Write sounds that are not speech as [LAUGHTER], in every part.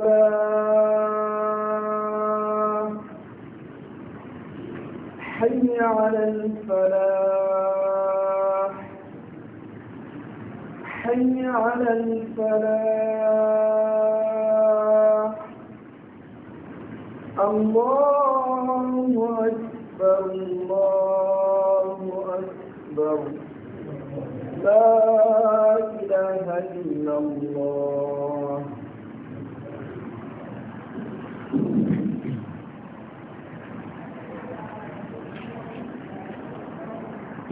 حي على الفلاح حي على الفلاح الله أكبر الله أكبر لا إله إلا الله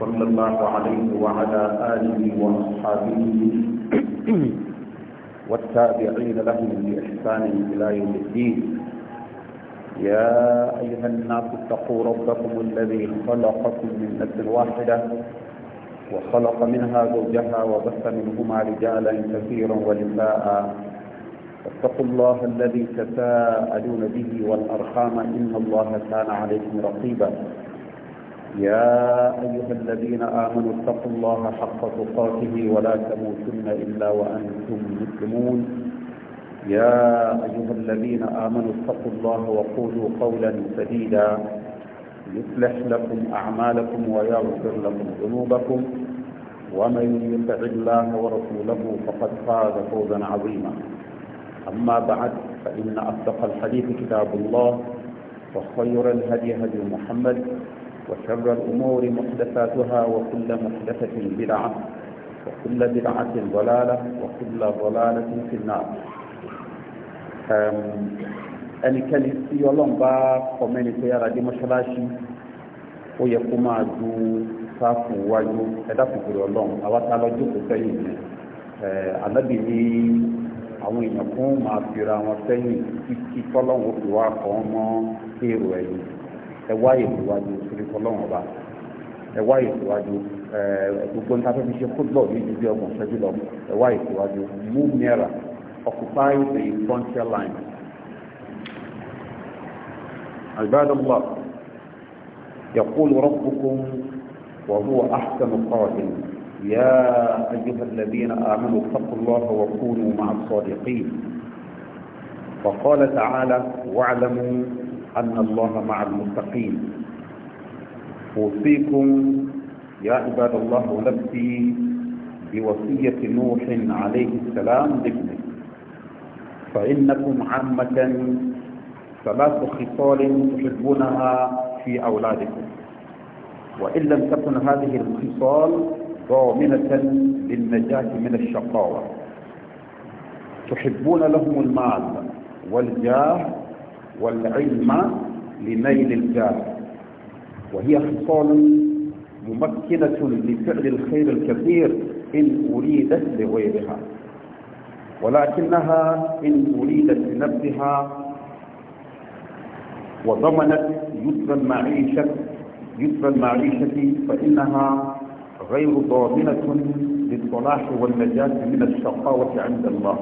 صلى الله عليه وعلى آله وأصحابه [CLEARS THROAT] والتابعين لهم بإحسان إلى يوم الدين يا أيها الناس اتقوا ربكم الذي خلقكم من نفس واحدة وخلق منها زوجها وبث منهما رجالا كثيرا ونساء واتقوا الله الذي تساءلون به والأرحام إن الله كان عليكم رقيبا يا أيها الذين آمنوا اتقوا الله حق تقاته ولا تموتن إلا وأنتم مسلمون يا أيها الذين آمنوا اتقوا الله وقولوا قولا سديدا يصلح لكم أعمالكم ويغفر لكم ذنوبكم ومن يطع الله ورسوله فقد فاز فوزا عظيما أما بعد فإن أصدق الحديث كتاب الله وخير الهدي هدي محمد وشر الأمور محدثاتها وكل محدثة بدعة وكل بدعة ضلالة وكل ضلالة في النار um, ẹnikẹ́ni tí ọlọ́run bá kọ́mẹ́ni tó yára dé mọ́ṣáláṣí ó yẹ kó máa du sáfù wájú ẹ̀dá kòkòrò ọlọ́run àwátá lọ́jọ́ kò sẹ́yìn ni ànábì ní àwọn èèyàn kún máa fira wọn sẹ́yìn títí kọ́lọ́run ó fi wá kọ́ mọ́ èrò ẹ̀yìn ẹ wá ìwádìí torí tọ́lọ́wọ́n ọba ẹ wá ìwádìí gbogbo nǹkan tó fi ṣe kúlọ̀ ní ìdílé ọmọ ṣẹ́jú lọ ẹ wá ìwádìí move nearer occupy the frontier line. عباد الله يقول ربكم وهو أحسن القائل يا أيها الذين آمنوا اتقوا الله وكونوا مع الصادقين وقال تعالى واعلموا أن الله مع المتقين أوصيكم يا عباد الله نفسي بوصية نوح عليه السلام لابنه فإنكم عامة ثلاث خصال تحبونها في أولادكم وإن لم تكن هذه الخصال ضامنة للنجاة من الشقاوة تحبون لهم المال والجاه والعلم لنيل الجاه وهي خصال ممكنة لفعل الخير الكثير إن أريدت لغيرها ولكنها إن أريدت لنفسها وضمنت يسر المعيشة يسر المعيشة فإنها غير ضامنة للصلاح والنجاة من الشقاوة عند الله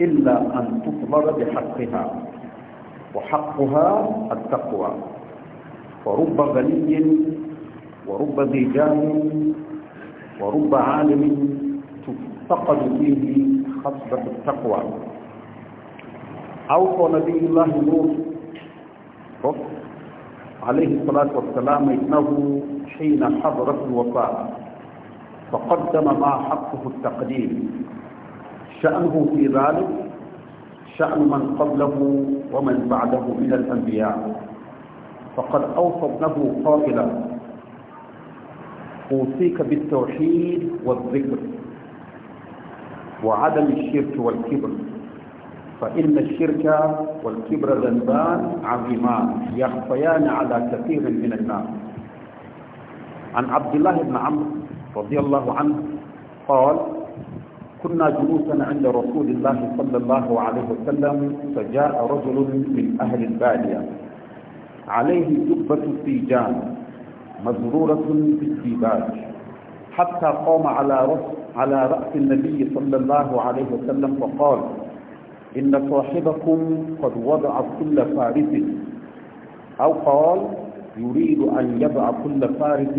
إلا أن تطلب بحقها وحقها التقوى فرب غني ورب ذي جاه ورب عالم تفتقد فيه خصبة التقوى أوصى نبي الله نوح عليه الصلاة والسلام إنه حين حضرت الوفاة فقدم ما حقه التقديم شأنه في ذلك شأن من قبله ومن بعده من الأنبياء فقد أوصى ابنه قائلا أوصيك بالتوحيد والذكر وعدم الشرك والكبر فإن الشرك والكبر ذنبان عظيمان يخفيان على كثير من الناس عن عبد الله بن عمرو رضي الله عنه قال كنا جلوسا عند رسول الله صلى الله عليه وسلم فجاء رجل من أهل البادية عليه جبة السيجان مزرورة بالسيباج حتى قام على رأس على رأس النبي صلى الله عليه وسلم فقال إن صاحبكم قد وضع كل فارس أو قال يريد أن يضع كل فارس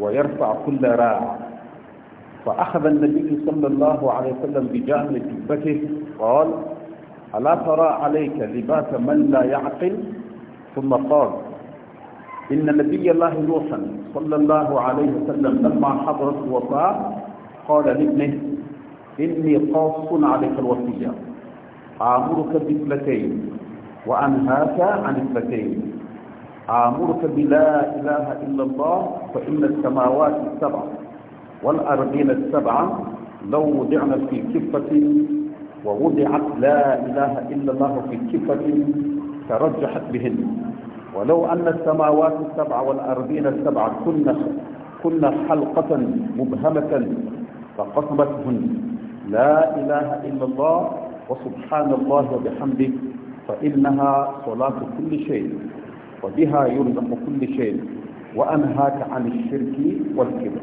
ويرفع كل راع فأخذ النبي صلى الله عليه وسلم بجانب جبته قال ألا ترى عليك لباس من لا يعقل ثم قال إن نبي الله نوحا صلى الله عليه وسلم لما حضرت وفاة قال لابنه إني قاص عليك الوصية آمرك باثنتين وأنهاك عن اثنتين آمرك بلا إله إلا الله فإن السماوات السبع والأرضين السبعة لو وضعنا في كفة ووضعت لا إله إلا الله في كفة ترجحت بهن ولو أن السماوات السبعة والأرضين السبعة كن كن حلقة مبهمة فقسمتهن لا إله إلا الله وسبحان الله وبحمده فإنها صلاة كل شيء وبها يرزق كل شيء وأنهاك عن الشرك والكبر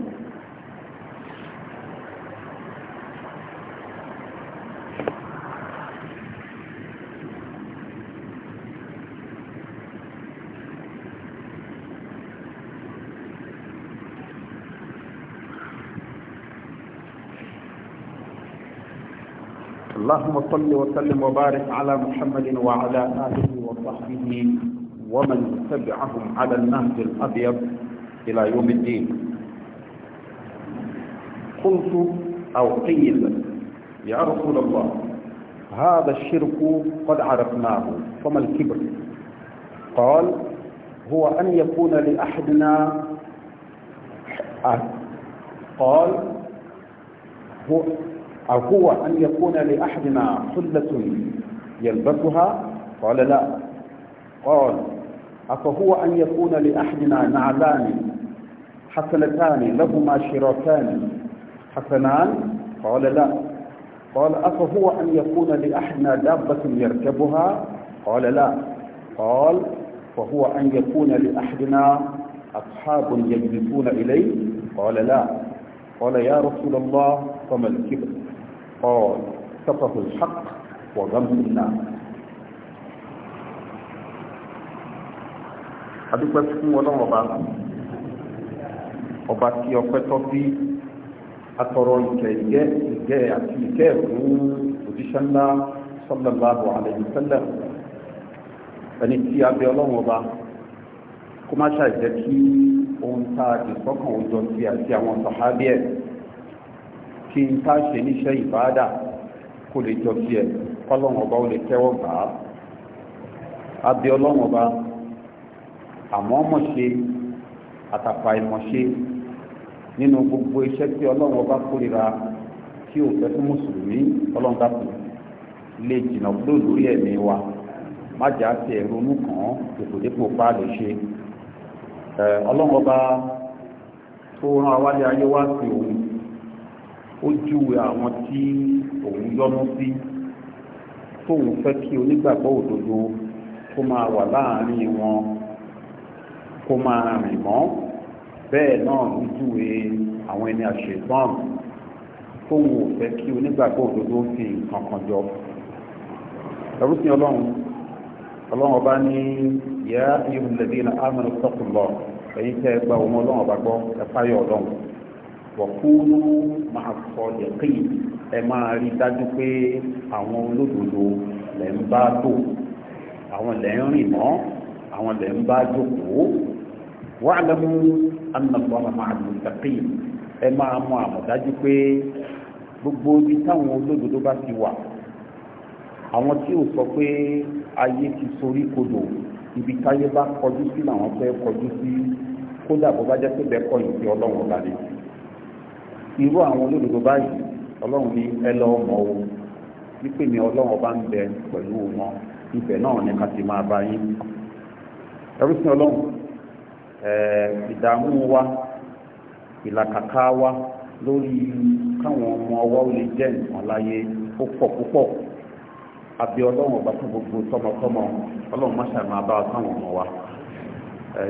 اللهم صل وسلم وبارك على محمد وعلى آله وصحبه ومن تبعهم على النهج الأبيض إلى يوم الدين قلت أو قيل يا رسول الله هذا الشرك قد عرفناه فما الكبر قال هو أن يكون لأحدنا أه، قال هو أو هو أن يكون لأحدنا حلة يلبسها قال لا قال أفهو أن يكون لأحدنا نعلان حسنتان لهما شراكان حسنان قال لا قال أفهو أن يكون لأحدنا دابة يركبها قال لا قال فهو أن يكون لأحدنا أصحاب يجلسون إليه قال لا قال يا رسول الله فما الكبر or سطف الحق وغمس النار adúpẹ́ fún ọlọ́run ọba ọba tí ọpẹ́ tọ́ bí atọrọ ìkẹ́ ìgẹ́ ìgẹ́ àti ìkẹ́ fún òjíṣẹ́ ńlá sallallahu alaihi wasallam ẹni tí a bẹ ọlọ́run ọba kó má ṣàìjẹ́ kí ohun tá a dì sọ́kàn òjò sí àti àwọn sàhábì kí n ká ṣe níṣẹ́ ìbáadà kò lè jọ sí ẹ kọ́lọ́wọ́n ọba ó lè tẹ́wọ́ gbà á abẹ ọlọ́wọ́n ọba àmọ́ mọ̀ṣe àtàpà ìmọ̀ṣe nínú gbogbo iṣẹ́ tí ọlọ́wọ́n ọba kórìíra tí ò fẹ́ fún mùsùlùmí ọlọ́wọ́n dàpọ̀ lè jìnnà kúrò lórí ẹ̀mí wa má jà á ti ẹ̀rọ mú kàn án dèpòdépò pa lè ṣe ọlọ́wọ́n tó rán awálé ayé wá sí òun ó júwe àwọn tí òun yọ́nú sí tóun fẹ́ kí onígbàgbọ́ òdodo kó máa wà láàárín wọn kó máa rìn mọ́ bẹ́ẹ̀ náà ló júwe àwọn ẹni àṣetán tóun ò fẹ́ kí onígbàgbọ́ òdodo fi nǹkan kan jọ ẹrú sí ọlọ́run ọlọ́run ọba ní yá ihun lẹ́bí ní amúnú sọ́kùnlọ ẹ̀yin tẹ́ ẹ gba ọmọ ọlọ́run ọba gbọ́ ẹ fáyọ̀ ọlọ́run wọ̀kúrú máa sọ ẹ̀kí ẹ máa rí dájú pé àwọn olódodo lẹ̀ ń bá tò àwọn lẹ̀ ń rìn mọ́ àwọn lẹ̀ ń bá jókòó wà lẹ́mú anàlọ́wọ́ máa lò sẹ́kí ẹ máa mọ àmọ̀dájú pé gbogbo ibi táwọn olódodo bá ti wà àwọn tí ò sọ pé ayé ti sorí kodò ibi táyé bá kọjú sí làwọn fẹ́ kọjú sí kódà bó bá jẹ́ pé bẹ́ẹ̀ kọ́ ìpè ọlọ́run ọba ni. irú àwọn olódodo báyìí ọlọ́run ní ẹ ọmọ o wípé mi ọlọ́run ọba ń bẹ pẹ̀lú wọn ibẹ̀ náà ni ká ti máa bá yín ẹrú sí ọlọ́run wa ìlàkàkà wa lórí káwọn ọmọ ọwọ́ lè jẹ́ nǹkan láyé ó pọ̀ púpọ̀ àbí ọlọ́run ọba fún gbogbo tọmọtọmọ ọlọ́run má ṣàmì káwọn ọmọ wa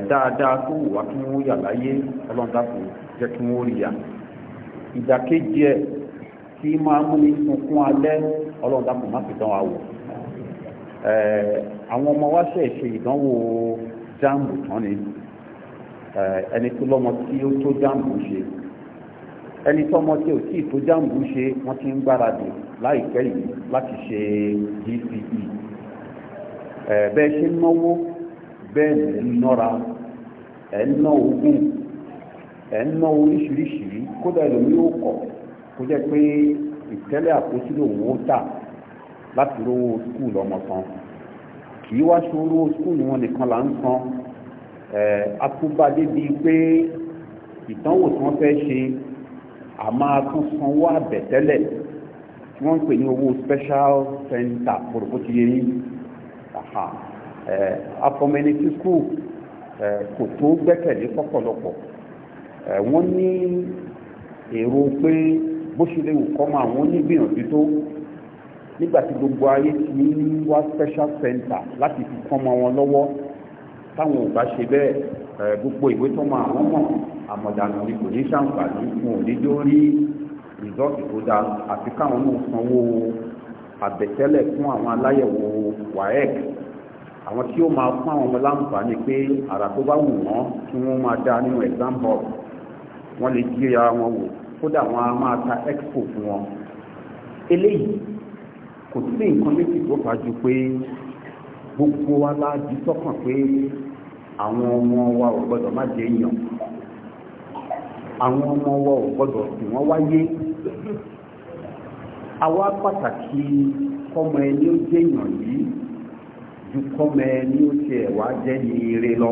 dáadáa tó wù wá kí wọ́n yà láyé ọlọ́run jẹ́ kí wọ́n rí ya ìdàkejì ẹ̀ tí máa mú ní sunkún alẹ́ ọlọ́run dàpọ̀ má fi dán wa wò àwọn ọmọ wa ṣe ṣe ìdánwò jáàmù tán ni ẹni tó lọ́mọ tí ó tó jáàmù ṣe ẹni tọ́mọ tí ò tí ì tó jáàmù ṣe wọ́n ti ń gbáradì láìpẹ́ yìí láti ṣe GCE bẹ́ẹ̀ ṣe ń náwó bẹ́ẹ̀ ń nọ́ra ẹ̀ ń ná ogún ẹ̀ ń ná oríṣiríṣi kódà ẹlòmí yóò kọ̀ kó jẹ́ pé ìtẹ́lẹ̀ àpótí lòun ó tà láti rówó skul ọmọ kan kì í wá ṣòro skul wọn nìkan là ń san akúbadé bíi pé ìdánwò tí wọ́n fẹ́ ṣe a máa tún sanwó àbẹ̀tẹ́lẹ̀ tí wọ́n ń pè ní owó special center pòròpótìyé yín afọmẹnitì skul kò tó gbẹ́kẹ̀lé fọ́pọ̀lọpọ̀ wọ́n ní èrò pé bó ṣe lè wù kọ́ mọ àwọn onígbìyànjú tó nígbà tí gbogbo ayé ti ń wá special center láti fi kọ́ mọ wọn lọ́wọ́ táwọn ò bá ṣe bẹ́ẹ̀ gbogbo ìwé tó mọ àwọn mọ̀ àmọ̀dànù ni kò ní ṣàǹfààní wọn ò ní jó rí rìsọ́ọ̀tì tó dáa àfi káwọn náà sanwó àbẹ̀tẹ́lẹ̀ fún àwọn aláyẹ̀wò waec àwọn tí ó máa fún àwọn ọmọ láǹfààní pé àrà tó bá wù wọ́n kí wọ́n máa dá nínú exam hall wọ́n lè jíra wọn wò kódà wọn a máa ta expo fún wọn eléyìí kò sí nǹkan méjì tó fà ju pé gbogbo wa la di pé àwọn ọmọ wa ò má jẹ́ èèyàn àwọn ọmọ wa ò sì wọ́n wáyé àwa pàtàkì kọ́mọ ẹni ó yìí ju lọ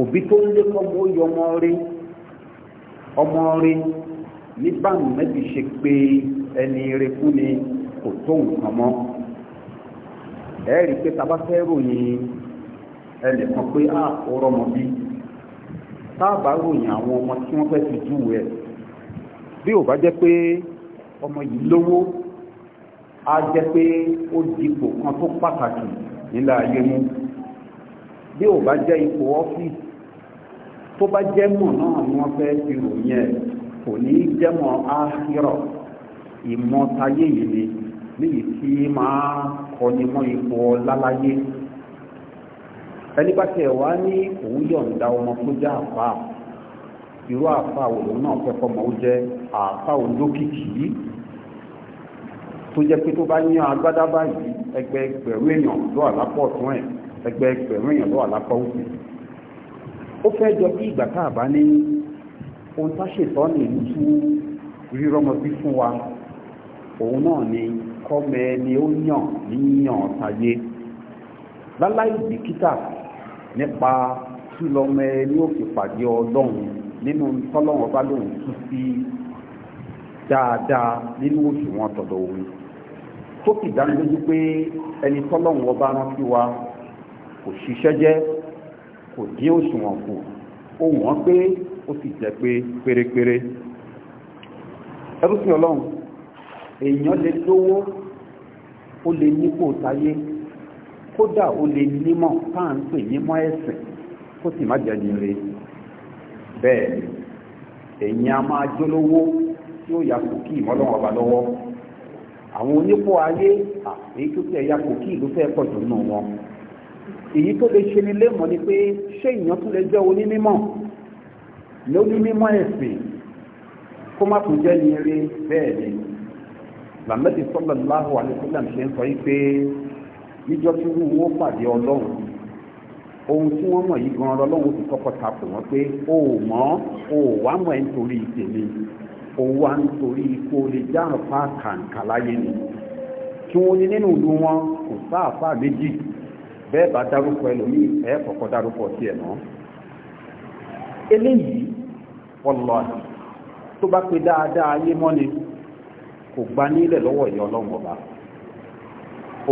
òbí tó ń lé ó ọmọ rí ní báwọn mẹ́bí ṣe pé ẹni rẹ fún ni kò tó nǹkan mọ́ ẹ̀rí pé tàbá fẹ́ ròyìn ẹnìkan pé a ah, ò rọmọ bí táàbà ròyìn àwọn ọmọ tí wọ́n fẹ́ fi jù ẹ̀ bí ò bá jẹ́ pé ọmọ yìí lówó á jẹ́ pé ó dipò kan tó pàtàkì nílẹ̀ ayé mú bí ò bá jẹ́ ipò ọ́fíìsì tó bá jẹ́mọ̀ náà ni wọ́n fẹ́ fi ròyìn ẹ̀ kò ní jẹ́mọ̀ áhírọ̀ ìmọ̀tayé yìí ni níyì tí máa kọni mọ́ ipò láláyé ẹni bá tẹ̀ wá ní òun yọ̀ǹda ọmọ tó jẹ́ àfa irú àfa òun náà fẹ́ fọmọ ó jẹ́ àfa olókìkí tó jẹ́ pé tó bá ní agbádá báyìí ẹgbẹ́ ẹgbẹ̀rún èèyàn ló lápọ̀ ọ̀tún ẹ̀ ẹgbẹ́ ẹgbẹ̀rún èèyàn ló lápọ̀ òsì ó fẹ́ jọ bí ìgbà tá a bá ní ohun tá ṣètọ́ ní ìlú tú rírọ́mọ bí fún wa òun náà ni kọ́mẹ ni ó yàn ní yàn tayé láláì bìkítà nípa túlọmọ ẹni ó fi pàdé ọlọ́run nínú tọ́lọ́run bá lòun tú sí dáadáa nínú òṣùwọ̀n tọ̀dọ̀ òun tó fi dánilójú pé ẹni tọ́lọ́run ọba rán sí wa kò ṣiṣẹ́ jẹ́ kò dín òṣùwọ̀n kù ó wọ́n pé ó sì jẹ́ pé pérépéré ẹrú sí ọlọ́run èèyàn lè lówó ó lè nípò táyé kódà ó lè nímọ̀ táà ń pè nímọ̀ ẹ̀sìn kó sì má jẹ́ni re bẹ́ẹ̀ èèyàn a máa jólówó tí ó yà kò kí ìmọ́lọ́wọ́ ọba lọ́wọ́ àwọn onípò ayé èyí tó tẹ̀ yà kò kí ìlú fẹ́ pọ̀ jù nù wọn èyí tó lè ṣe ni lémọ̀ ni pé ṣé èèyàn tún lè jẹ́ onímọ̀ lónímọ̀ ẹ̀sìn kó má tún jẹ́ ní eré bẹ́ẹ̀ ni làmẹ́tì sallallahu alaihi wasallam ṣe ń sọ yìí pé níjọ́ tí wọ́n wọ́n pàdé ọlọ́run ohun tí wọ́n mọ̀ yìí gan-an ọlọ́run ti kọ́kọ́ ta kò wọ́n pé o ò mọ̀ o ò wá mọ̀ ẹ́ nítorí tèmi o wá nítorí kó lè dáhùn fáà kàǹkà láyé ni kí wọ́n ní nínú ìlú wọn kò sáà fáà méjì bẹ́ẹ̀ bá dárúkọ ẹlòmíì ẹ kọ́kọ́ dárúkọ sí ẹ̀ náà eléyìí wọlọ́ọ̀nì tó bá pe dáadáa ayé mọ́ni kò gba nílẹ̀ lọ́wọ́ ìyá ọlọ́run ọba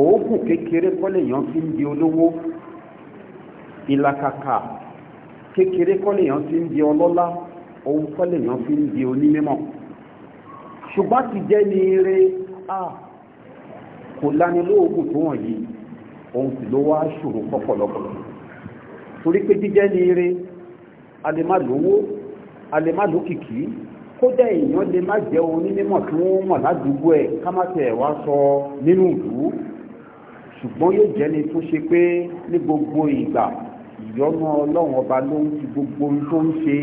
òógùn kékeré kọ́lé yàn fi ń di olówó ìlàkàkà kékeré kọ́lé yàn fi ń di ọlọ́lá ohun kọ́lé yàn fi ń di onímọ̀ ṣùgbọ́n ti jẹ́ ní eré a ah, kò lani lóògùn tó wọ̀nyí òun sì ló wá ṣòro pọ̀pọ̀lọpọ̀ torí pé jíjẹ́ ní eré a lè má lówó a lè má lókìkí kódà èèyàn lè má jẹ́ onímọ̀ tí wọ́n mọ̀ ládùúgbò ẹ̀ ká má tẹ̀ wá sọ nínú ìlú ṣùgbọ́n yóò jẹ́ni tó ṣe pé ní gbogbo ìgbà ìyọ́nú ọlọ́run ọba ló ń fi gbogbo ohun tó ń ṣe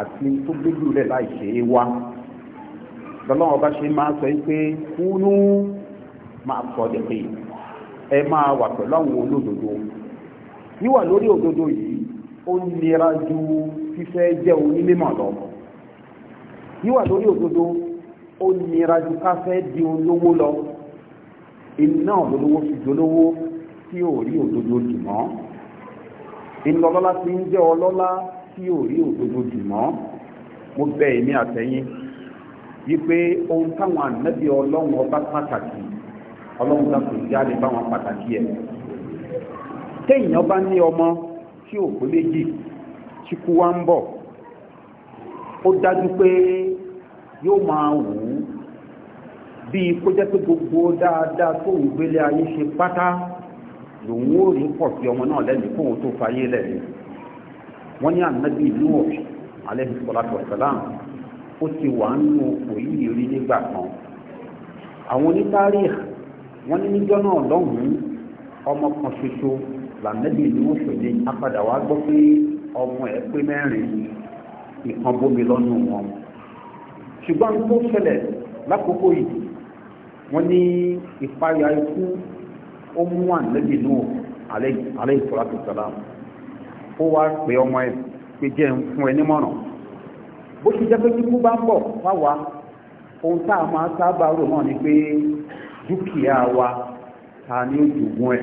àti tó gbójú rẹ̀ láì ṣe é wá lọ́lọ́run ọba ṣe máa sọ pé kúnú máa sọ ọ́ dẹ̀ pé ẹ máa wà pẹ̀lú àwọn olódodo wíwà lórí òdodo yìí ó nira ju fífẹ́ jẹ́ onímọ̀ lọ wíwà lórí òdodo ó nira ju káfẹ́ di olówó lọ iná olówó fi dolówó tí ò rí òdodo dì mọ́ ìlọlọ́lá ti ń jẹ́ ọlọ́lá tí ò rí òdodo dì mọ́ mo bẹ̀ ẹ̀mí àtẹ̀yìn wípé ohun táwọn ànábì ọlọ́run ọba pàtàkì ọlọ́run náà kò jáde báwọn pàtàkì ẹ̀ téèyàn bá ní ọmọ tí ò pé méjì tí kú wá ń bọ̀ ó dájú pé yóò máa wù ú bíi kó jẹ́ pé gbogbo dáadáa tó ń gbélé ayé ṣe pátá lòun ó rí pọ̀ sí ọmọ náà lẹ́nu kóun tó fayé lẹ́nu wọ́n ní ànábì ìlú ọ̀ṣun alẹ́ ìsọ̀lá tọ̀sálàm ó ti wà nínú òyìnbó rí nígbà kan àwọn onítàrí wọ́n ní níjọ́ náà lọ́hùn-ún ọmọ kan ṣoṣo làmẹ́lì ni wọ́n ṣòye apàdà wàá gbọ́ pé ọmọ ẹ̀ pé mẹ́rin ìkan bómi lọ́nu wọn ṣùgbọ́n tó ṣẹlẹ̀ lákòókò yìí wọ́n ní ìpayà ikú ó mú ànẹ́bì náà alẹ́ ìtura tó sọ̀rọ̀ ó wá pé ọmọ ẹ̀ pé jẹ́ fún ẹ nímọ̀ràn bó ṣe jẹ́ pé kíkú bá ń bọ̀ wá wá ohun tá a máa sábà rò náà ni pé dúkìá wa ta ní òjògùn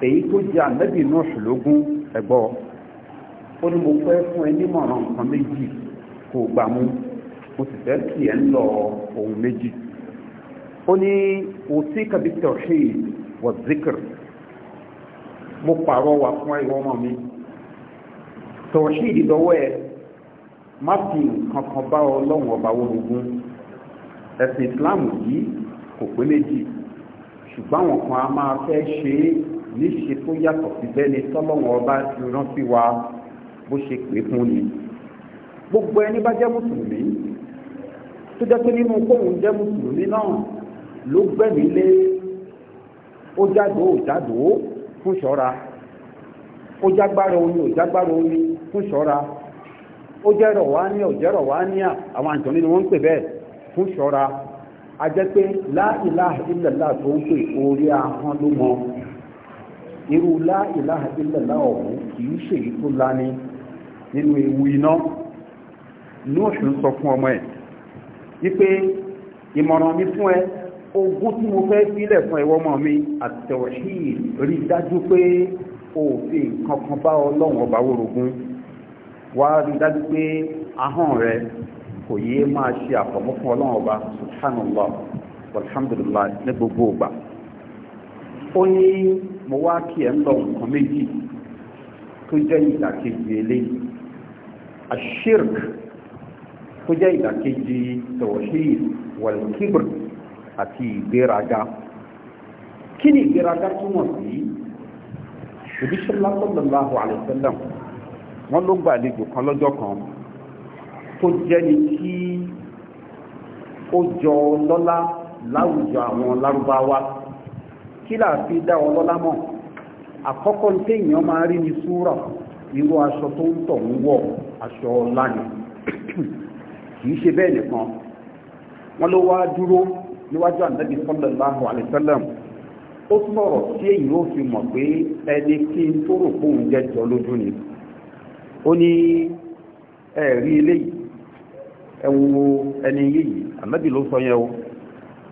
ẹ̀ èyí tó jẹ́ ànábì náà ṣùlógún ẹ̀gbọ́ ó ní mo fẹ́ fún ẹ nímọ̀ràn nǹkan méjì kò gbà mú mo sì fẹ́ kí ẹ ń lọ ohun méjì ó ní òsì kàbítọ̀ ṣe wọ̀ zikr mo pààrọ̀ wà fún ẹ̀yọ́ ọmọ mi tọ̀wọ̀ sí ìdídọ́wọ́ ẹ̀ má fi nǹkan kan bá ọlọ́run ọba wọ́n ẹ̀sìn Islam yìí kò pé méjì ṣùgbọ́n àwọn kan a máa fẹ́ ṣe é níṣe tó yàtọ̀ sí bẹ́ni tọ́lọ́wọ́n ọba ti rán wa bó ṣe pé fún ni gbogbo ẹni bá jẹ́ mùsùlùmí tó jẹ́ pé nínú kóhùn jẹ́ mùsùlùmí náà ló gbẹ̀mí lé ó jáde ó jáde ó fún ṣọ́ra ó jágbára omi ó jágbára omi fún ṣọ́ra ó jẹ́rọ̀ wá ní ọ̀jẹ́rọ̀ wá ní àwọn àjọ nínú wọn ń pè bẹ́ẹ̀ fún ṣọ́ra ajẹ́ pé láìláha ìlàlá tó ń pè orí ahọ́n ló mọ irú láìláha ìlàlá ọ̀hún kìí ṣe èyí tó lani nínú ewu iná ní oṣù ń sọ fún ọmọ ẹ̀ wípé ìmọ̀ràn mi fún ẹ ogún tí mo fẹ́ sílẹ̀ fún ẹwọ́ ọmọ mi àtẹ̀wọ̀sí rí dájú pé òfin kankan bá ọlọ́run ọba wórogún wá rí dájú pé ahọ́n rẹ kò yéé máa ṣe àfọ̀mọ́ fún ọlọ́run ọba subhanallah alhamdulillah ní gbogbo ìgbà ó ní mo wá kí ẹ ń lọ nǹkan méjì tó jẹ́ ìdàkejì eléyìí ashirk tó jẹ́ ìdàkejì tawhid walkibr àti ìgbéraga kí ni ìgbéraga túmọ̀ sí ìbísọ́lá sallallahu alaihi wasallam wọ́n ló gbàlejò kan lọ́jọ́ kan kó jẹ́ni tí ó jọ lọ́lá láwùjọ àwọn lárúbáwá kí là fi dá wọn lọ́lá mọ̀ àkọ́kọ́ ní téèyàn máa rí ní súrà irú aṣọ tó ń tọ̀ ń wọ̀ aṣọ ọlá ni kìí ṣe bẹ́ẹ̀ nìkan wọ́n ló wá dúró níwájú ànábì sallallahu alaihi ó sọ̀rọ̀ tí èyí ó fi mọ̀ pé ẹni kí n tó rò fóun jẹ́ jọ lójú ni ó ní ẹ̀rí eléyìí ẹwọ ẹni yìí ànábì ló sọ yẹn o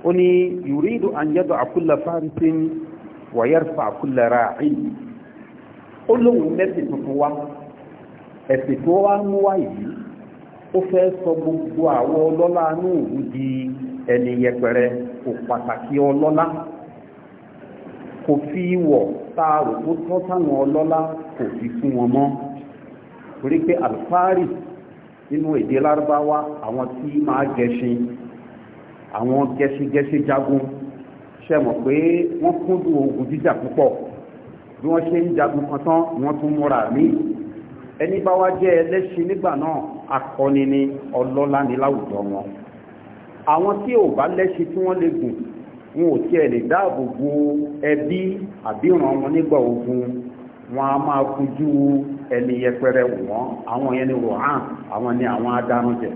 ó ní yuridu an yad'a kulla farisin wa yarfa ó lóun mẹ́sì tuntun wa ẹ̀sìn tó wá ń wá yìí ó fẹ́ sọ gbogbo di ẹni yẹpẹrẹ kò pàtàkì ọlọ́lá kò fi wọ̀ táàrò tó tọ́ ọlọ́lá kò nínú èdè lárúbáwá àwọn tí máa gẹṣin àwọn gẹṣigẹṣi jagun ṣe mọ̀ pé wọ́n kúndùn ogun jíjà púpọ̀ bí wọ́n ṣe ń jagun kan tán wọ́n tún múra mí ẹni bá wá jẹ́ ẹlẹ́ṣin nígbà náà akọni ni ọlọ́lá ni láwùjọ wọn àwọn tí ò bá lẹ́ṣin tí wọ́n lè gùn wọn ò tiẹ̀ lè dáàbò bo ẹbí àbí ìran wọn nígbà ogun wọn a máa kojú ẹni yẹpẹrẹ wọ́n àwọn yẹn ni rọ̀hán àwọn ni àwọn adarunjẹ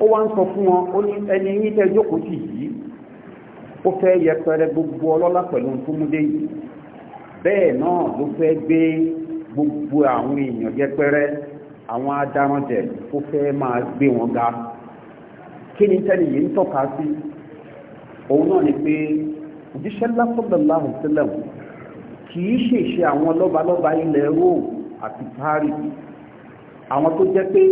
ó wá ń sọ fún wọn ó ní ẹni yín tẹ́ jókòó sí yìí ó fẹ́ yẹpẹrẹ gbogbo ọlọ́lá pẹ̀lú túmúdé yìí bẹ́ẹ̀ náà ló fẹ́ gbé gbogbo àwọn èèyàn yẹpẹrẹ àwọn adarunjẹ ó fẹ́ máa gbé wọn ga kí ni tẹ́lẹ̀ yìí ń tọ́ka sí òun náà ni pé òjíṣẹ́ kì í ṣèṣe àwọn lọ́balọ́ba ilẹ̀ rome àti paris àwọn tó jẹ́ pé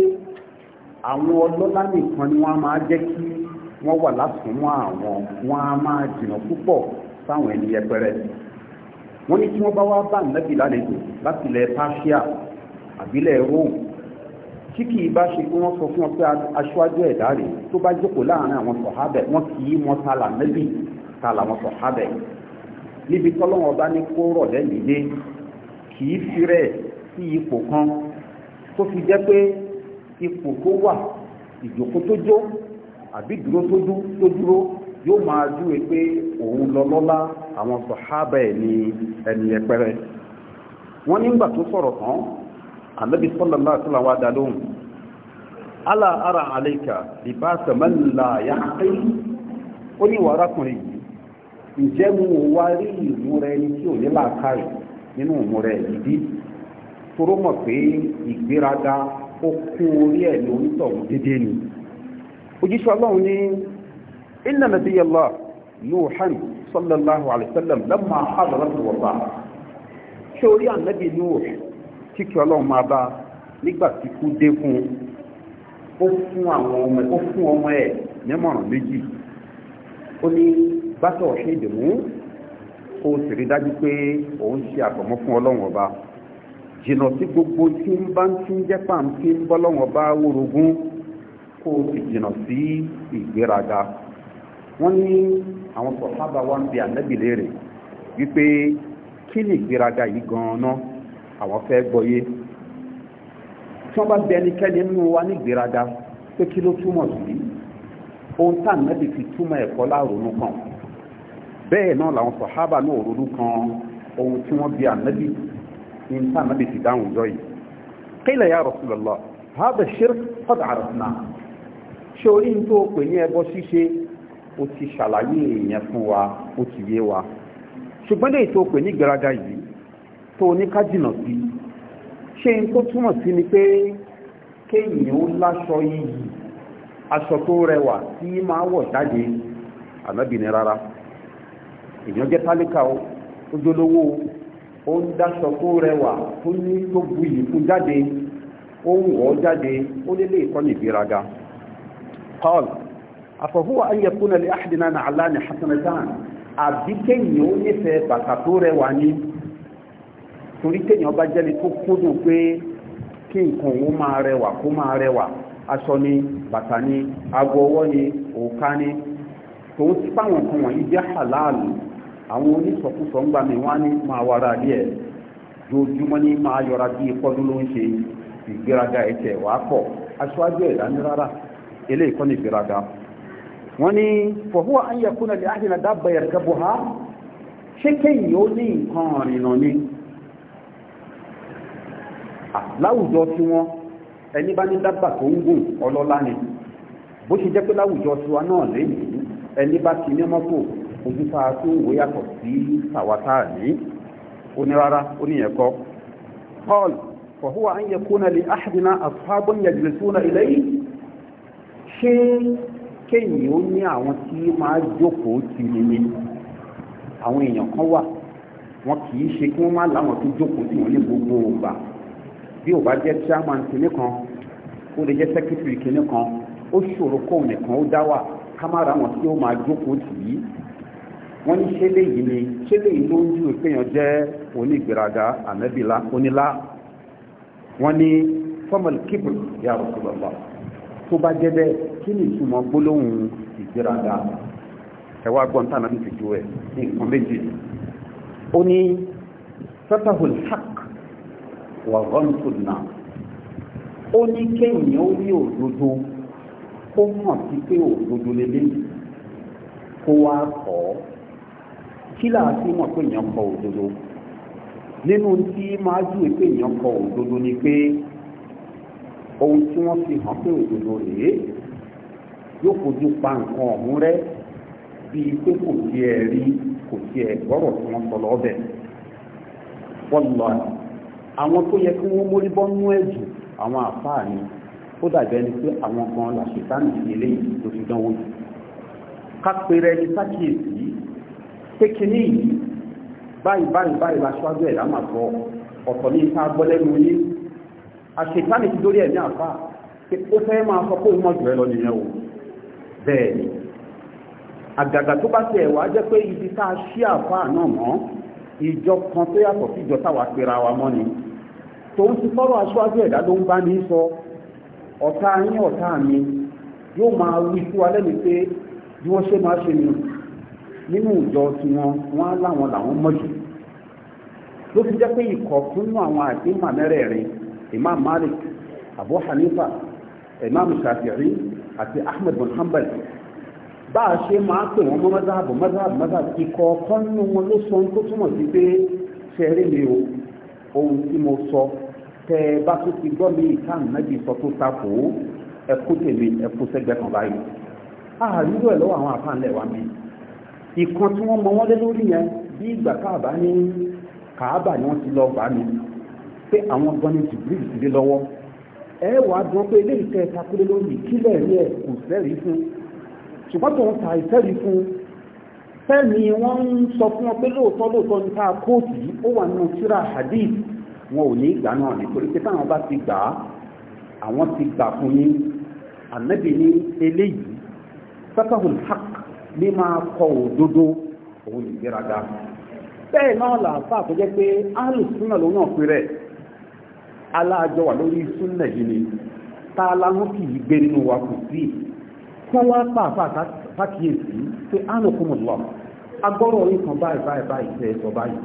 àwọn ọlọ́lá nìkan ni wọ́n á máa jẹ́ kí wọ́n wà lásùnmọ́ àwọn wọ́n á máa jìnnà púpọ̀ sáwọn ẹni yẹpẹrẹ wọ́n ní tí wọ́n bá wá bá nẹ́bí lálejò láti ilẹ̀ persia àbílẹ̀ rome tí kì bá ṣe pé wọ́n sọ fún ọ pé aṣáájú ẹ̀dá rèé tó bá jókòó láàárín àwọn sọ̀hábẹ̀ wọ́n kì í mọ ta làmẹ́bì ta làwọn sọ̀hábẹ̀ níbi tọ́lọ́wọ́n bá ní kó rọ̀ lẹ́yìn dé kì í fi rẹ̀ sí ipò kan tó fi jẹ́ pé ipò tó wà ìjókòó tó jó àbí dúró tó dúró yóò máa júwe pé òun lọ lọ́lá àwọn sọ̀hábà ẹ̀ ní ẹni ẹpẹrẹ wọ́n nígbà tó sọ̀rọ̀ tán ànábì sallallahu alaihi wasallam wá dá lóhùn ala ara alayka libasa man la yaqil ó ní wàrákùnrin ǹjẹ́ mo ò wá rí ìmúra ẹni tí ò ní làákàyè nínú ìmúra ẹ̀yí bí toró mọ̀ pé ìgbéraga ó kún orí ẹ̀ ní onítọ̀hún dédé ni òjíṣẹ́ ọlọ́run ní inna nabiyallah nuhan sallallahu alayhi sallam lamma hadaratu wọ̀bá ṣé orí ànábì nuh kíkẹ́ ọlọ́run máa bá nígbà tí kú dé fún ó fún ọmọ ẹ̀ nímọ̀ràn méjì ó ní bá tọ̀ ṣe ìdìmú kó o sì rí dájú pé òun ṣe àfọ̀mọ́ fún ọlọ́run ọba jìnnà sí gbogbo tí ń bá ń tí ń jẹ́ pàm tí ń bọ́lọ́run ọba wórogún kó o sì jìnnà sí ìgbéraga wọ́n ní àwọn sọ̀hábà wa ń bi ànábì léèrè wípé kí ni ìgbéraga yìí gan-an àwọn fẹ́ gbọ́yé tí wọ́n bá bẹ ẹnikẹ́ni nínú wa ní ìgbéraga pé kí ló túmọ̀ sí ohun tá ànábì fi túmọ̀ ẹ̀kọ́ láàrúnú kan bẹ́ẹ̀ náà làwọn sọ̀hábà náà kan ohun tí wọ́n bí ànábì ní nípa ànábì ti dáhùn jọ yìí qila ya Rasulullah ha bụ qad orí tó pè ní ẹbọ ṣíṣe o ti ṣàlàyé èèyàn fún wa ti yé wa ṣùgbọ́n lè tó pè ní gbéraga yìí tó ní ká jìnà sí túmọ̀ sí ni pé kéèyàn ó láṣọ iyì aṣọ èèyàn jẹ́ tálíkà o ó ó ń dáṣọ tó rẹwà tó ní tó bu yìí jáde ó ń jáde ó lé paul àfọ̀húwà ayẹ kúnlẹ̀ lé àdínà náà aláàní hasanatan àbí kéèyàn ó nífẹ̀ẹ́ bàtà tó rẹwà ní torí kéèyàn bá jẹ́ni tó kúndùn pé kí nǹkan òun máa rẹwà kó máa rẹwà aṣọ ni bàtà ni halal àwọn onísọkúsọ ń gbà mí wọn á ní máa wara rí ẹ jojúmọ́ ní máa yọra bí ìkọdún ló ń ṣe ìgbéraga ẹ̀tẹ̀ wàá pọ̀ aṣáájú ẹ̀dá ní rárá eléyìí kọ́ ní ìgbéraga wọ́n ní fọ̀húwà an yẹ kúnlẹ̀ láàrin àdábà ẹ̀rẹ́gẹ́bù ha ṣé kéyìn ó ní nǹkan rìnà ni láwùjọ tí wọ́n ẹni bá ní dábà tó ń gùn ọlọ́lá ni bó ṣe jẹ́ pé láwùjọ tiwa náà lẹ́yìn ẹni bá ti ní mọ́tò ojú tá a tó wò yàtọ̀ sí tàwátà ní ó ní rárá ó ní ẹ̀kọ́ paul fọ̀húwà ń yẹ kúnà lè áhàdínà àfáàbọ̀n yàjìlẹ̀ súnà ilẹ̀ yìí ṣé kéyìn ó ní àwọn tí máa jókòó ti ní ni àwọn èèyàn kan wà wọn kì í ṣe kí wọ́n má láwọn tó jókòó tí wọ́n ní gbogbo ògbà bí ò bá jẹ́ chairman kìíní kan ó lè jẹ́ secretary kìíní kan ó ṣòro kóun nìkan ó dá wà ká má ra wọn tí ó máa jókòó tì í wọ́n ní ṣẹlẹ̀ yìí ni ṣẹlẹ̀ yìí ló ń ju ìpéyàn jẹ́ onígbèraga ànábìlá onílá wọ́n ní fọ́mọ̀l kíbrì ya Rasulullah tó bá jẹ́ bẹ́ẹ̀ kí ni ìtumọ̀ gbólóhùn ìgbèraga ẹ wá gbọ́n tánà ní fìdí ẹ̀ ní nǹkan méjì ó ní fatahul haqq wà ghamtun nam ó ní kéèyàn ó ní òdodo ó hàn sí pé òdodo lélẹ́yìn kó wá kọ́ ọ́ kí láàfin mọ̀ pé èèyàn kọ òdodo nínú tí máa jù pé èèyàn kọ òdodo ni pé ohun tí wọ́n fi hàn pé òdodo rèé yóò fojú pa nǹkan ọ̀hún rẹ́ bíi pé kò tiẹ̀ rí kò tiẹ̀ gbọ́rọ̀ tí wọ́n sọ lọ́bẹ̀ wọ́n lọ àwọn tó yẹ kí wọ́n mórí bọ́ nú ẹ̀jù àwọn àfáà ni ó dàbẹ̀ ni pé àwọn kan làṣetánì sí eléyìí tó fi dánwò jù ká pèrè ẹni sákìyèsí pé kìíní yìí báyìí báyìí báyìí la ṣáájú ẹ̀ lámà sọ ọ̀tọ̀ ní ìta gbọ́lẹ́nu yín àṣetánì ti dórí ẹ̀mí àfà pé ó fẹ́ máa sọ pé òun mọ̀ jù ẹ lọ nìyẹn o bẹ́ẹ̀ ni àgàgà tó bá tiẹ̀ wá jẹ́ pé ibi tá a ṣí àfà náà mọ́ ìjọ kan tó yàtọ̀ sí ìjọ táwa pera wa mọ́ ni tòun ti fọ́rọ̀ aṣáájú ẹ̀dá ló ń bá ní sọ ọ̀tá yín ọ̀tá mi yóò máa wí fún wa lẹ́nu pé bí wọ́n ṣe máa ṣe nìyẹn nínú ìjọ tiwọn wọn láwọn làwọn mọ̀ jù ló fi jẹ́ pé ikọ̀ fúnnú àwọn àti màmẹ́rẹ̀ẹ̀rin imam malik abu hanifa imam shafi'i àti ahmed bin hanbal bá a ṣe máa pè wọn mọ́ mọ́sáàbù mọ́sáàbù mọ́sáàbù ikọ̀ ọ̀kan nínú wọn ló sọ tó túmọ̀ sí pé ṣẹ́rí mi o ohun tí mo sọ tẹ́ ẹ bá tún ti gbọ́ mi ìka nàbì sọ tó takò ẹkú tèmi ẹkú sẹ́gbẹ̀ẹ́ kan báyìí ààrùn ìlú ẹ̀ lọ́wọ́ àwọn àfáànlẹ̀ wa mi ìkan tí wọ́n mọ wọ́n lé lórí yẹn bí ìgbà káàbà ní ni wọ́n ti lọ gbà mí pé àwọn gan ni jibril ti dé lọ́wọ́ ẹ wà á pé eléyìí tẹ takúlé lórí kílẹ̀ rí kò sẹ́rìí fún ṣùgbọ́n tó wọ́n sọ fún ọ pé lóòótọ́ lóòótọ́ ní ká kóòtù ó wà nínú hadith wọn ò ní ìgbà náà nítorí pé táwọn bá ti ti gbà fún yín ní eléyìí mímá kọ òdodo òun ìgbéraga bẹ́ẹ̀ náà làáfà tó jẹ́ pé áàlù súnà ló náà pín rẹ̀ aláàjọ wà lórí súnà yìí ni ta lánú kì í gbé nínú wa kò sí kó wá pàápàá sákìyèsí pé agbọ́rọ̀ orí kan báyìí báyìí báyìí sọ báyìí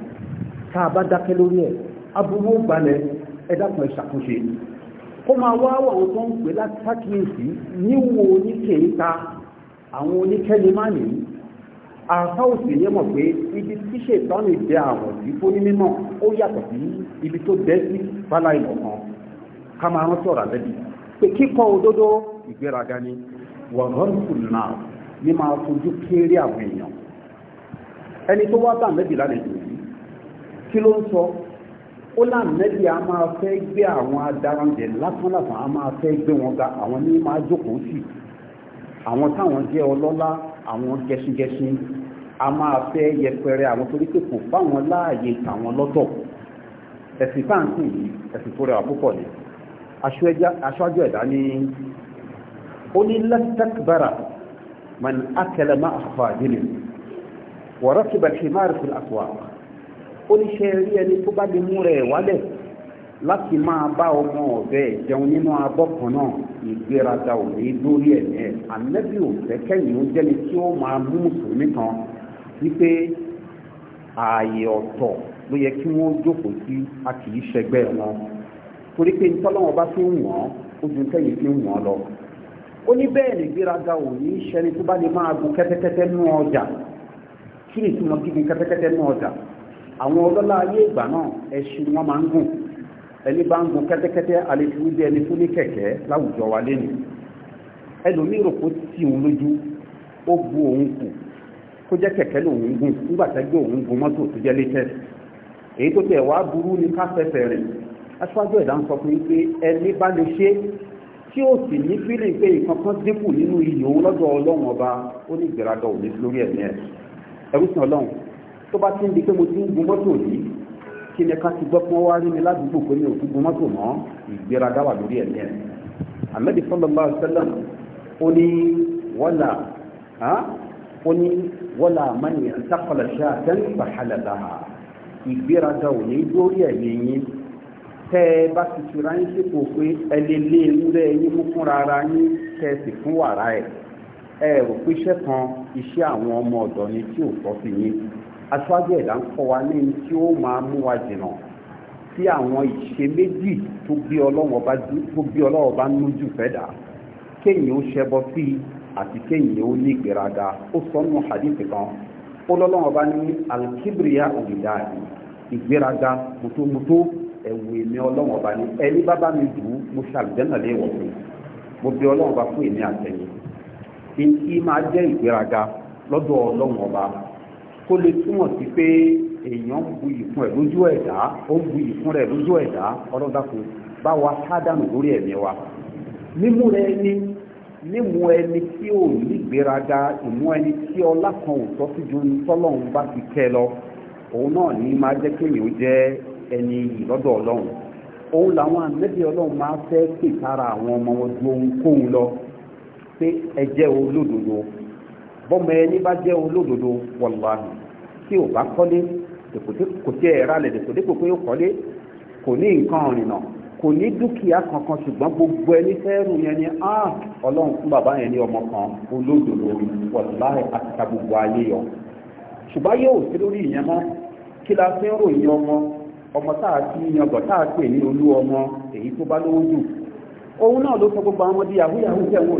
tá a bá dákẹ́ lórí ẹ̀ aburú gbalẹ̀ ẹ̀dàkùn ẹ̀ ṣàkóso kó máa wá àwọn àwọn oníkẹ́ni máa ní àfáòsì yẹ mọ̀ pé ibi tí ṣètọ́nì jẹ àwọn tí fó ní mímọ̀ ó yàtọ̀ sí ibi tó bẹ́ sí bálá ìlọ̀ kan ká máa rántí ọ̀rọ̀ àlẹ́bí pé kíkọ òdodo ìgbéraga ni wọ̀rọ̀rùkù náà ní máa fojú kéré àwọn èèyàn ẹni tó wá bá àlẹ́bí lálejò yìí kí ló ń sọ ó lànàbí a máa fẹ́ gbé àwọn adarandẹ̀ lásán a máa fẹ́ gbé wọn ga àwọn ní máa jókòó sí àwọn táwọn jẹ́ ọlọ́lá àwọn gẹṣingẹṣin a máa fẹ́ yẹpẹrẹ àwọn torí pé kò fáwọn láàyè tàwọn lọ́tọ̀ ẹ̀sìn táǹkì yìí ẹ̀sìn tó rẹwà púpọ̀ ni aṣáájú ẹ̀dá ní ó ní lẹ́tẹ̀kbára man akẹlẹ̀ máa fà dínì wọ̀rọ̀ kí bàtí máa rí fún àtúwà ó ní ṣe rí ẹni tó bá lè mú rẹ̀ wálẹ̀ láti máa bá ọmọ ọ̀bẹ jẹun nínú abọ́ kan náà ìgbéraga ò ní lórí ẹ̀mí ẹ̀ ànẹ́bí ò fẹ́ kẹ́yìn ó jẹ́ni tí ó máa mú mùsùlùmí kan wípé ààyè ọ̀tọ̀ ló yẹ kí wọ́n jókòó sí a kì í ṣẹgbẹ́ wọn torí pé nítọ́lọ́wọ́n bá fi ń wọ́n ó ju kẹ́yìn fi ń wọ́n lọ. ó ní bẹ́ẹ̀ ni ìgbéraga ò ní ṣẹni tó bá lè máa gun kẹ́tẹ́kẹ́tẹ́ nú ọjà kí ni ìtumọ̀ gígun kẹ́tẹ́kẹ́tẹ́ nú ọjà àwọn ọlọ́lá ayé ìgbà náà ẹṣin wọn máa ń gùn ẹni bá ń gun kẹ́tẹ́kẹ́tẹ́ àlejò jẹ́ ẹni fún ní kẹ̀kẹ́ láwùjọ wa lẹ́nu ẹlòmíì rò kó tì òun lójú ó bu òun kù kó jẹ́ kẹ̀kẹ́ lòun gùn nígbà tẹ́ gbé òun gun mọ́tò tó jẹ́ latest èyí tó tẹ̀ wá burú ni ká fẹsẹ̀ rìn aṣáájú ẹ̀dá ń sọ fún yín pé ẹni bá lè ṣe tí ó sì ní fílẹ̀ pé nǹkan kan dínkù nínú iyì òun lọ́dọ̀ ọlọ́run ọba ó ní ìgbéraga òní lórí ẹ̀mí ẹ̀ ẹrú ọlọ́run tó bá ti ń di pé mo ti ń gun mọ́tò yìí kí ni ká ti gbọ́ pé wọ́n wá rí mi ládùúgbò pé mi ò tún gun mọ́tò mọ́ ìgbéraga wà lórí ẹ̀mí ẹ̀ ahmed sallallahu alayhi wa sallam ó ní wọ́là ó ní wọ́là mani ṣàkọlẹ̀ ṣe àtẹ́ǹfà halala ìgbéraga ò ní lórí ẹ̀mí yín tẹ́ ẹ bá ti fi ráyín sípò pé ẹ lé ewúrẹ́ yín mú fúnra ara yín kẹ́ ẹ sì fún wàrà ẹ̀ ẹ rò pé iṣẹ́ kan iṣẹ́ àwọn ọmọ ọ̀dọ́ ni tí ò tọ́ sí yín aṣáájú ẹ̀dá ń kọ́ wa ní tí ó máa mú wa jìnnà sí àwọn ìṣe méjì tó gbé ọlọ́wọ́ bá nújù fẹ́ dà kéèyàn ó ṣẹbọ sí i àti kéèyàn ó ní ìgbéraga ó sọ nù hadith kan ó lọ́lọ́wọ́ bá ní alikibriya òdìdá ìgbéraga mùtòmùtò ẹ̀wù èmi ọlọ́wọ́ bá ní ẹni bábá mi dù ú mo ṣàlùjẹ́nà lé wọ̀ fún mo bí ọlọ́wọ́ bá fún èmi àtẹ̀yìn kí n kí máa jẹ́ ìgbéraga lọ́dọ̀ ọlọ́wọ́ bá kó lè túmọ̀ sí pé èèyàn ń bu ìfún ẹ̀ lójú ẹ̀dá ó ń bu ìfún rẹ̀ lójú ẹ̀dá ọlọ́dàkùn bá wa sádànù lórí ẹ̀mí wa mímú rẹ ní mímú ẹni tí ò nígbéraga ìmú ẹni tí ọlá kan ò tọ́ sí ju tọ́lọ́run bá ti kẹ́ lọ òun náà ní máa jẹ́ kéèyàn jẹ́ ẹni ìlọ́dọ̀ ọlọ́run òun làwọn ànábì ọlọ́run máa fẹ́ pè sára àwọn ọmọ wọn ju ohunkóhun lọ pé ẹ jẹ́ olódodo bọ́mọ ẹni bá jẹ́ ohun lódodo wọ̀lọ́hì tí ò bá kọ́lé kò tí ẹ̀ rálẹ̀ dèkòdépò pé ó kọ́lé kò ní nǹkan ọ̀rìnà kò ní dúkìá kankan ṣùgbọ́n gbogbo ẹni fẹ́ẹ́rù yẹn ni ọlọ́run fún bàbá yẹn ọmọ kan olódodo àtìkà gbogbo ayé yọ ṣùgbọ́n yóò sí lórí ìyẹn mọ́ kí la fi ń ròyìn ọmọ ọmọ pè ní olú ọmọ èyí tó bá lówó jù òun gbogbo àwọn ọmọdé yahoo yahoo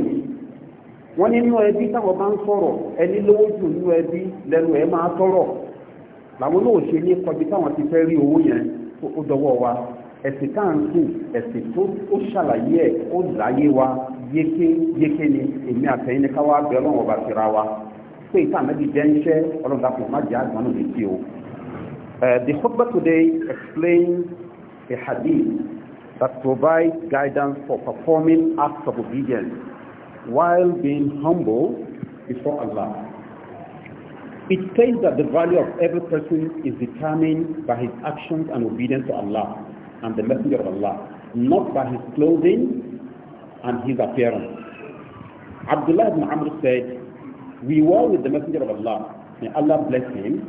wọ́n nínú ẹbí táwọn bá ń sọ̀rọ̀ ẹni lówó jù nínú ẹbí lẹ́nu ẹ̀ máa tọ̀rọ̀ làwọn náà ṣe ní kọbi táwọn ti fẹ́ rí owó yẹn ó dọwọ́ wa ẹ̀sìn tá à ń sùn ẹ̀sìn tó ó ṣàlàyé ẹ̀ ó láyé wa yéké yéké ni èmi àtẹ̀yìn ní káwá bẹ ọlọ́run ọba síra wa pé ìta àmẹ́bí jẹ́ ń ọlọ́run dàpọ̀ má jẹ́ àgbọ̀n náà létí o. The khutbah today explains a hadith that provides guidance for performing acts of obedience while being humble before Allah. It says that the value of every person is determined by his actions and obedience to Allah and the Messenger of Allah, not by his clothing and his appearance. Abdullah ibn Amr said, We were with the Messenger of Allah. May Allah bless him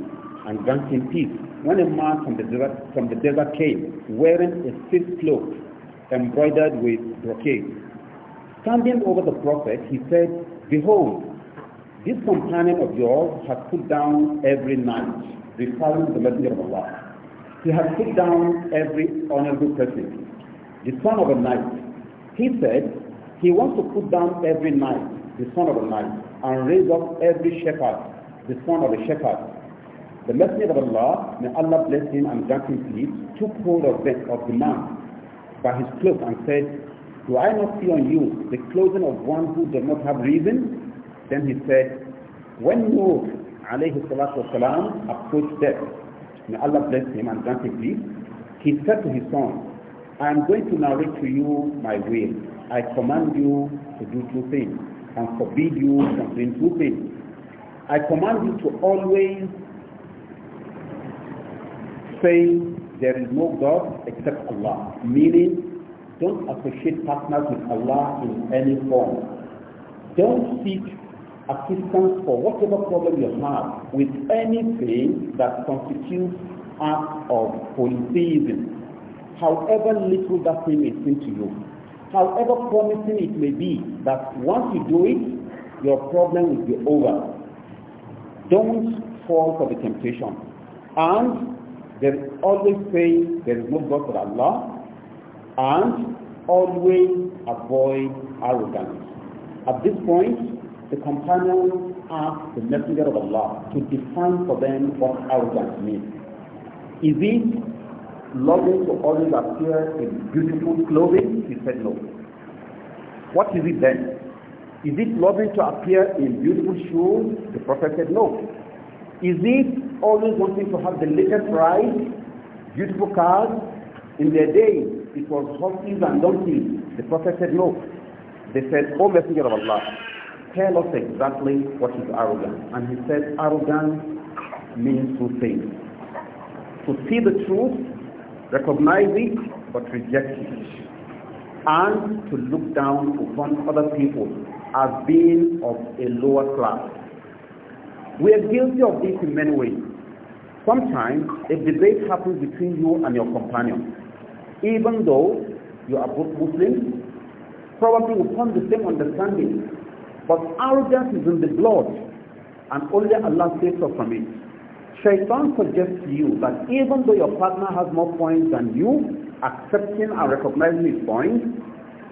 and grant him peace. When a man from the desert, from the desert came, wearing a silk cloak embroidered with brocade, standing over the prophet, he said, Behold, this companion of yours has put down every night, referring to the Messenger of Allah. He has put down every honorable person, the son of a knight. He said, he wants to put down every knight, the son of a knight, and raise up every shepherd, the son of a shepherd. The Messenger of Allah, may Allah bless him and grant him peace, took hold of the, of the man by his cloak and said, do I not see on you the clothing of one who does not have reason? Then he said, when Nuh alayhi salatu wasalam approached death, may Allah bless him and grant him peace, he said to his son, I am going to narrate to you my will. I command you to do two things and forbid you from doing two things. I command you to always say there is no God except Allah, meaning don't associate partners with Allah in any form. Don't seek assistance for whatever problem you have with anything that constitutes act of polytheism. However little that thing may seem to you, however promising it may be that once you do it, your problem will be over. Don't fall for the temptation. And there is always saying there is no God but Allah and always avoid arrogance. At this point, the companions asked the Messenger of Allah to define for them what arrogance means. Is it loving to always appear in beautiful clothing? He said no. What is it then? Is it loving to appear in beautiful shoes? The Prophet said no. Is it always wanting to have the latest ride, beautiful cars? In their day, it was horses and donkey. The Prophet said, no. They said, O Messenger of Allah, tell us exactly what is arrogance. And he said, arrogance means two things. To see the truth, recognize it, but reject it. And to look down upon other people as being of a lower class. We are guilty of this in many ways. Sometimes a debate happens between you and your companion even though you are both Muslims, probably upon the same understanding. But arrogance is in the blood, and only Allah saves us from it. Shaitan suggests to you that even though your partner has more points than you, accepting and recognizing his points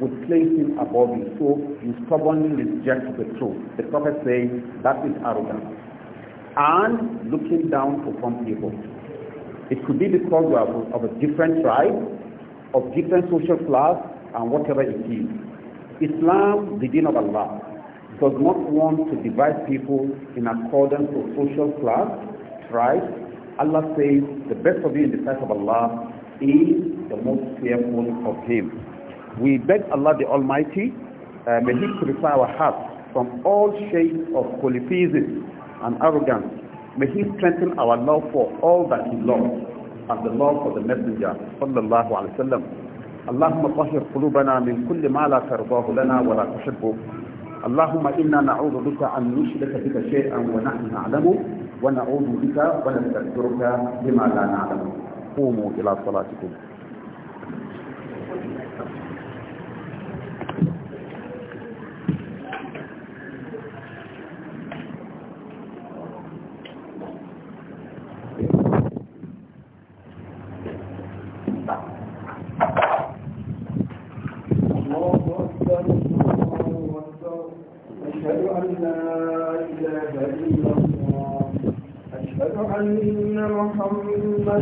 would place him above you. So you stubbornly reject the truth. The Prophet says that is arrogance. And looking down upon people. It could be because you are of a different tribe, of different social class and whatever it is. Islam, the deen of Allah, does not want to divide people in accordance with social class, tribe. Allah says the best of you in the sight of Allah is the most fearful of Him. We beg Allah the Almighty, uh, may He purify our hearts from all shades of polytheism and arrogance. May He strengthen our love for all that He loves. and the love for صلى الله عليه وسلم اللهم طهر قلوبنا من كل ما لا ترضاه لنا ولا تحبه اللهم إنا نعوذ بك أن نشرك بك شيئا ونحن نعلمه ونعوذ بك ونستغفرك بما لا نعلمه قوموا إلى صلاتكم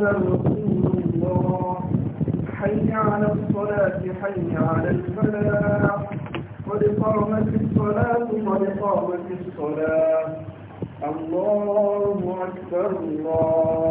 قال رسول الله حي على الصلاة حي على الفلاح قد قامت الصلاة قد قامت الصلاة الله أكبر الله